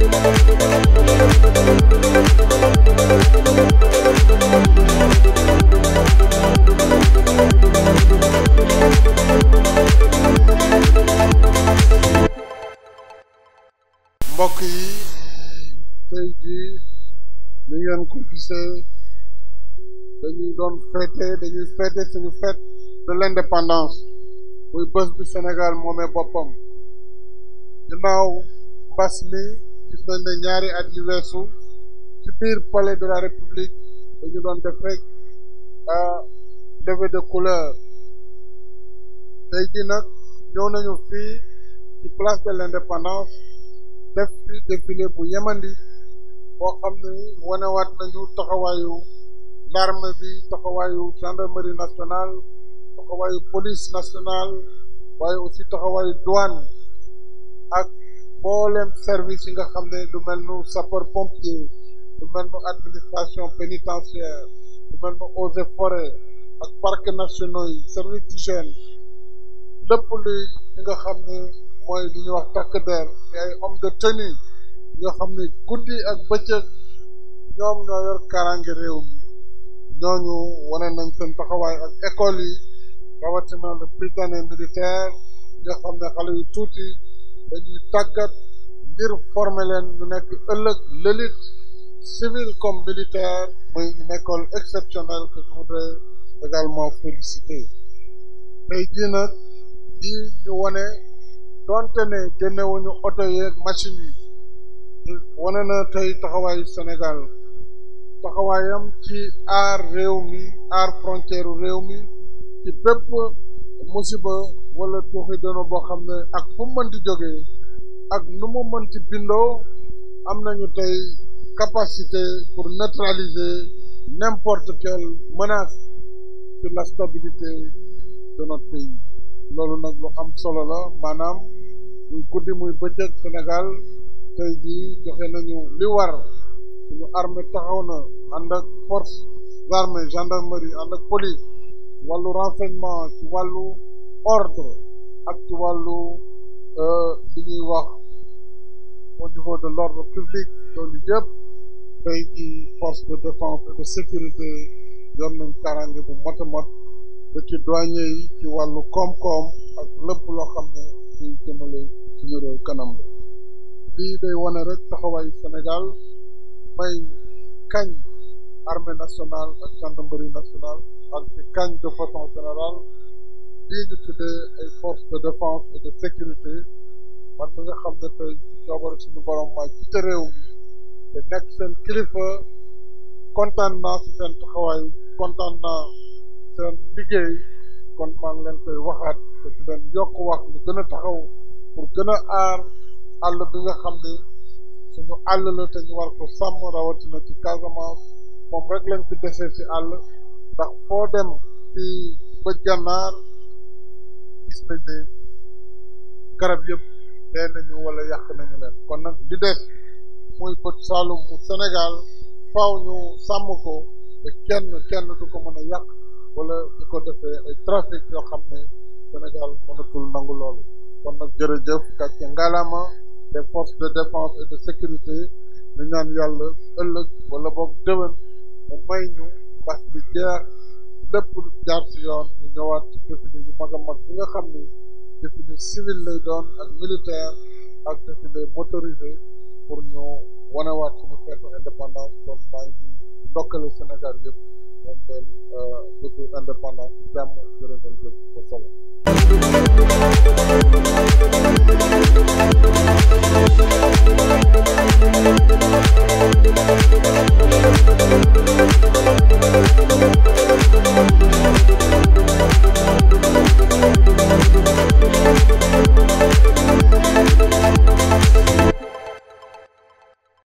mbokk yi tey jii ni ngeen dañuy doon fête dañuy fête suñu fête de l'indépendance muy bés bi Sénégal moomee boppam ginnaaw mbas gis nañ ne ñaari at yu weesu ci biir palais de la république dañu doon def rek ah, levée de couleur tey ji nag ñëw nañu fi ci place de l'indépendance def fi défilé bu yemandi boo xam ne wanewaat nañu taxawaayu l'armée bi taxawaayu gendarmerie nationale taxawaayu police nationale waaye aussi taxawaayu douane ak mboolem service yi nga xam ne lu mel nu sapeur pompier lu mel nu administration pénitentiaire lu mel nu eaux et ak parcs nationaux yi service d'hygiène lépp luy nga xam ne mooy li ñuy wax takk der te homme de tenue ñoo xam ne guddi ak bëccëg ñoom ñoo yor kaaraange réew mi ñooñu wane nañ seen taxawaay ak école yi rawatina le prytanée militaire ñoo xam ne xale yu tuuti dañuy tàggat ngir former leen ñu nekk ëllëg l'élite civile comme militaire muy une école exceptionnelle que également féliciter tey jii nag lii ñu wane donte ne génnewuñu oto yeeg machine yi wane na tey taxawaayu Sénégal taxawaayam ci aar réew mi aar frontière réew mi ci bépp musiba wala tuuxi doona boo xam ne ak fu mu mënti jógee ak nu mu mënti bindoo am nañu tey capacité pour neutraliser n'importe quelle menace sur la stabilité de notre pays loolu nag lu am solo la maanaam muy guddi muy bëccëg Sénégal tey jii joxe nañu li war suñu armée taxaw na ànd ak force armée gendarmerie ànd ak police wàllu renseignement ci ordre ak ci wàllu euh, li ñuy wax au niveau de l'ordre public loolu yëpp tey ci force de défense de sécurité yor nañ bu mot a ba ci douanier yi ci wàllu koom-koom ak lépp loo xam ne day jëmale suñu réew kanam la lii wane rek taxaway Sénégal may kañ armée nationale ak gendarmerie nationale ak ci kañ de façon générale lii ñu tuddee ay forces de défense et de sécurité man mi nga xam ne tey coobaru suñu borom maa jiite réew mi te nekk seen kilifa kontaan naa si seen taxawaay kontaan naa liggéey kon maa leen koy waxaat te di yokk wax lu gën a taxaw pour gën a aar àll bi nga xam ne suñu àll la te ñu war ko rawatina ci Casamance moom rek lañ fi desee si àll ndax foo dem ci bëj-gannaar gis nañ ne garab yëpp dee nañu wala yàq nañu leen kon nag di des muy Pot Saloum bu Sénégal faaw ñu sàmm ko te kenn kenn du ko mën a yàq wala di ko defee ay trafic yoo xam ne Sénégal mënatul nangu loolu kon nag jërëjëf kàcce ngalaama des force de défense et de sécurité ñu ñaan yàlla ëllëg wala boog déwén mu may ñu mbas bi jeex lépp jaar ci yoon ñu ñëwaat ci défilé bi nga xam ni défilé civil lay doon ak militaire ak défilé motorisé pour ñu wanewaat suñu feetu indépendance comme maa ngi ndokkale Sénégal yëpp moom leen euh, bésu indépendance ci jàmm jërë ngeen jëf